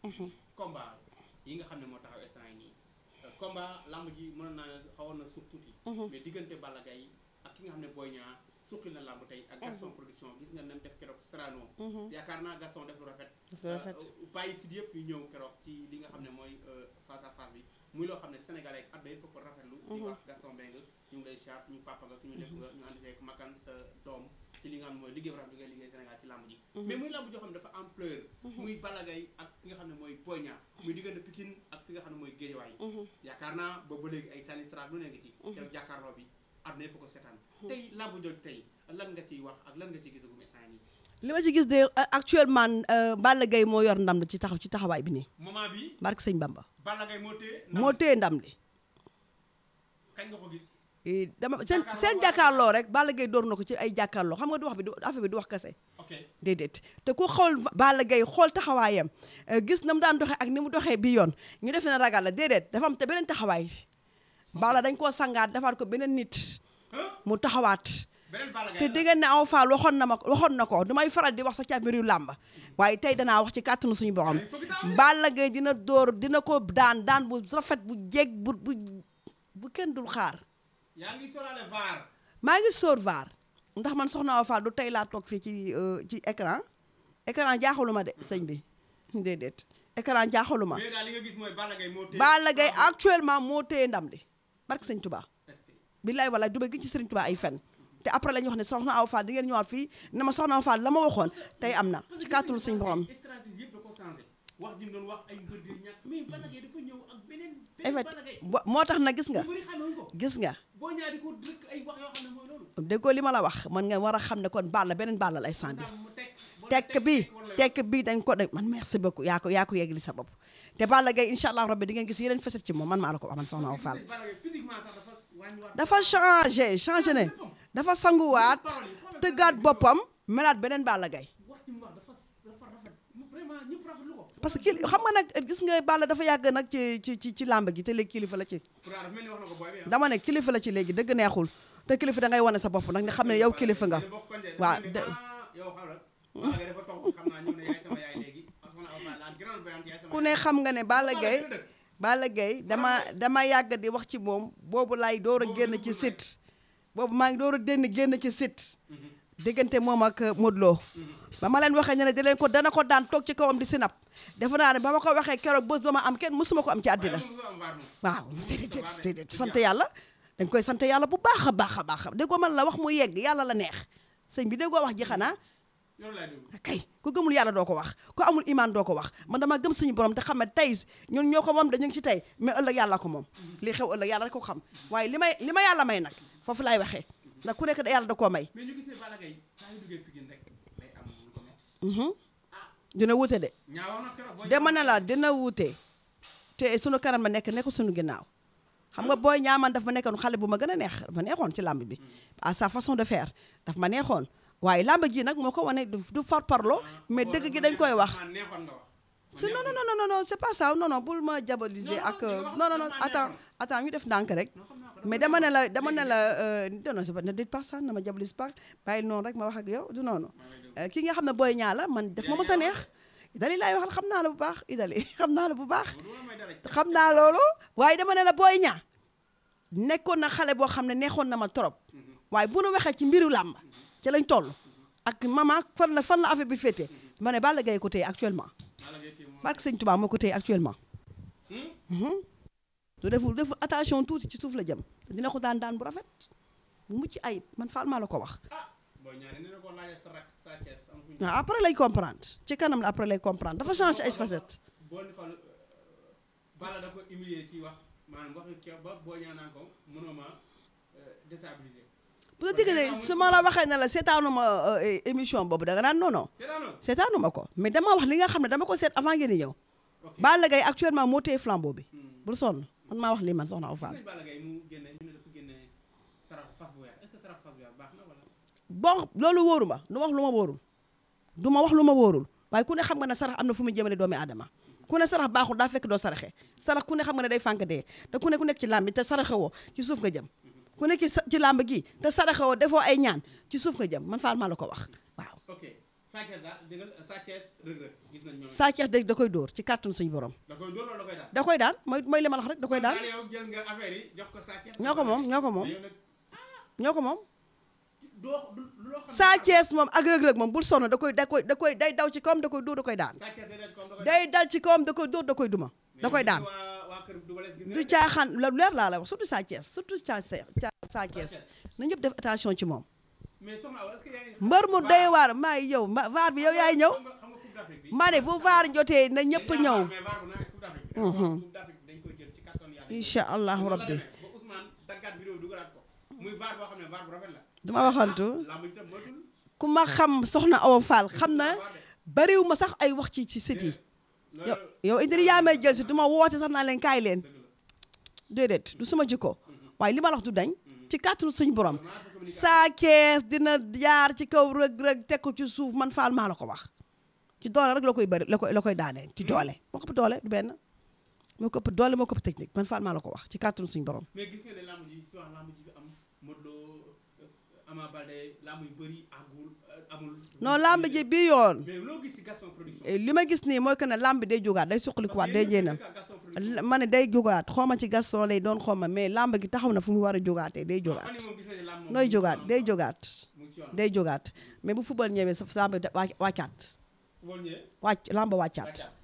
Mm-hmm. combat yi nga xam ne moo taxaw instant yi nii euh, combat lamb ji mënoon naa ne xawoon na suuf tuuti. Mm-hmm. mais diggante Balla Gaye ak ki nga xam ne Boy Niang suqil na lamb tey ak mm-hmm. Gaston production gis nga nem def keroog Serrano yaakaar naa Gaston def lu rafet euh, euh, bàyyi si yëpp yu ñëw keroog ci li nga xam ne mooy face à face bi muy loo xam ne sénégalais ak àdduna yëpp ko rafetlu di wax Gaston Mbengue ñu ngi lay char ñu papa nga ki ñu def nga ñu ànd fekk makan sa doom ci li nga xam ne mooy liggéey bi nga liggéey Sénégal ci làmb ji mhm. muy làmb xam ne dafa ampleur mhm. muy Balla Gaye ak fi nga xam ne mooy Boy Niang mhm. muy diggante Pikine ak fi nga xam ne mooy Guédiawaye yaakaar naa boobu ba léegi ay sanitrat lu ne nga ci keroog bi àdduna yëpp ko seetaan tey làmb jooju tey lan nga ciy wax ak lan nga ciy gisagum instant yi li ma ci gis de euh, actuellement euh, Balla Gaye moo yor ndam li ci taxaw ci taxawaay bi nii moment bi barke sëñ Bamba Balla Gaye moo téye moo téye ndam li kañ nga ko gis Eh, dama seen seen jàkkaarloo rek Balla gay door na ko ci ay jàkkaarloo xam nga du wax bi du affaire bi du wax kase déedéet te ku xool Balla gay xool taxawaayam eh, gis na mu daan doxee ak ni mu doxee bi yoon ñu defe na ragal la déedéet dafa am te beneen taxawaay Balla dañ koo sangaat defaat ko beneen nit mu taxawaat te dégg ne aw faal waxoon na ma waxoon na ko du faral di wax sa ca mbiru làmba waaye tey danaa wax ci kàttanu suñu borom Balla gay dina dóor dina ko daan daan bu rafet bu jeg bu bu kenn dul xaar yaa ngi sóoraale vaar. maa ngi sóor vaar ndax man soxna aw Fall du tey laa toog fii ci euh, ci écran écran jaaxaluma de mm-hmm. sëñ bi déedéet écran jaaxaluma. mais daal li nga gis mooy Balla Gaye moo téye. Balla Gaye actuellement moo téye ndam li barke sëñ Touba. billaay wallaay dubay gi ci sëriñ Touba ay fen te après la ñu wax ne soxna Awa Fall di ngeen ñëwaat fii ne ma soxna Awa Fall la ma waxoon tey am na ci kàttanu sëñ borom. wax ji doon wax ay mbër di ñàkk moo tax na gis nga gis nga boo ñaari ko li ma la wax man nga war a xam ne kon Balla beneen Balla lay sandi tekk bi tek bi dañ ko dañ man merci beaucoup yaa ko yaa ko yegli sa bopp te bala gay incha allah rabbi di ngeen gis yeneen faset ci moom man maa la ko amal soxna Awa Fall dafa changé changé ne dafa sanguwaat tëggaat boppam melaat beneen bala gay parce que xam nga nag gis nga Balla dafa yàgg nag ci ci ci làmb gi te léegi kilifa la ci ah. dama ne kilifa la ci léegi dëgg neexul te kilifa da ngay wane sa bopp nag nga xam ne yow kilifa nga ku ne xam nga ne Balla Gaye Balla Gaye dama dama yàgg di wax ci moom boobu lay door a génn ci site boobu maa ngi door a dénn génn ci site mhm. diggante moom ak euh, Modou loo mm-hmm. ba ma leen waxee ne ne di ko dana ko daan toog ci kawam di sinap defe naa ne ba ma ko waxee keroog bés ba ma am kenn mësuma ko am ci àddina waaw déedéet sant yàlla dañ koy sant yàlla bu baax a baax a baax déggoo man la wax mu yegg yàlla la neex sëñ bi déggoo wax ji xanaa kay ku gëmul yàlla doo ko wax ku amul imaan doo ko wax man dama gëm suñu borom te xam ne tey ñun ñoo ko moom dañu ngi ci tey mais ëllëg yàlla ko moom mm-hmm. li xew ëllëg yàlla rek xam waaye li may li ma yàlla may nag foofu laay waxee ndax ku nekk yàlla da koo may. mais ñu gis ne Balla Gaye saa yu duggee Pikine rek day am mhm. ah. dina wuute de. dama ne la dina wuute. te sunu kanam ma nekk nekk sunu ginnaaw. xam nga ah. booy ñaaman daf ma nekkoon xale bu ma gën a neex dafa neexoon ci làmb bi. Mm. à sa façon de faire daf ma neexoon waaye làmb ji nag moo ko wane du far parlo ah, mais dëgg gi dañ koy wax. si non non non non c'est pas ça non non bul ma diaboliser ak non non non attends attends ñu def ndànk rek. mais dama ne la dama ne la euh, non non ne dites pas ça ne ma diabolise pas bàyyi noonu rek ma wax ak yow du noonu euh, ki nga xam ne booy ñaa la man def ma mos a neex idali laay waxal xam naa la bu baax idali xam naa la bu baax xam naa loolu waaye dama ne la booy ñaa nekkoon na xale boo xam ne neexoon na ma trop mm-hmm. waaye bu nu waxee ci mbiru làmb ci lañ toll ak mama fan la fan la affaire bi féete mm-hmm. ma ne Balla Gaye ko tey actuellement barke sëñ Tuubaa moo ko tey actuellement hmm? mm-hmm. su deful deful attention tuuti ci suuf la jëm dina ko daan daan bu rafet bu mucc ay man Fall maa la ko wax. Ah, ah après lay comprendre ci kanam la après lay comprendre dafa changé ay facettes. Balla da ko humilier ci wax maanaam wax ba boo ñaanaan ko mënoo ma euh, déstabiliser. bu la déggee su ma la waxee ne la seetaanuma euh, émission boobu danga naan non non. seetaanuma ko mais dama wax li nga xam ne dama ko seet avant ngeen di ñëw. Balla Gaye actuellement moo téye flambeau bi. Hmm. bul sonn. man maa wax lii man soxna Awa Fall. bon loolu wóoru ma du ma wax lu ma wóorul du wax lu ma wóorul waaye ku ne xam nga ne sarax am na fu mu jëmale doomi aadama ku ne sarax baaxul daa fekk doo saraxe sarax ku ne xam nga ne day fànk dee te ku ne ku nekk ci làmb te saraxe ci suuf nga jëm ku nekk ci làmb gi te saraxe defoo ay ñaan ci suuf nga jëm man faal maa la ko wax waaw Sathiès daal dëggal Sathiès nañ ñoom. Sathiès dëgg da koy dóor ci kàttanu suñu borom. da koy dóor da koy daan. da koy daan mooy mooy la wax rek da koy daan. nga affaire jox ko Sathiès. ñoo ko moom ñoo ko moom ah! ñoo ko moom. doo loo moom ak rëg-rëg moom bul sonn da koy da koy da koy day daw ci kawam da koy dóor da koy daan. day dal ci kawam da koy dóor da koy duma. da koy daan du caaxaan la leer laa la wax surtout Sathiès surtout Sathiès na ñëpp def attention ci moom mbër mu doy waar maa ngi yow vaar bi yow yaay ñëw ma ne bu vaar jotee na ñëpp ñëw mhm. incha allahu rabbi duma waxantu ah, ku ma xam soxna Awa Fall xam na bariw ma sax ay wax ci ci sët yi yow yow indil jël si du ma woote sax naa leen kaay leen déedéet du suma jikko mhm. waaye li ma la du dañ mhm. ci kàttanu suñ borom saakees dina jaar ci kaw rëg-rëg teg ko ci suuf man faal maa la ko wax ci doole rek la koy bëri la koy la koy daanee ci doole hmm. moo ko ëpp doole du benn moo ko doole moo ko ëpp technique man faal maa la ko wax ci kàttanu suñu borom. mais gis nga ne làmb ji si wax làmb ji bi am euh, euh, gis si Gaston production. li ma gis nii mooy que ne làmb day jógaat day suqalikuwaat day jéenam. ma ne day jógaat xooma ci Gaston lay doon xooma mais làmb gi taxaw na fu mu war a jogaatee day jógaat nooy jogaat day jógaat day jogaat mais bu football ñëwee sa làmb wàccaat wàcc làmb wàccaat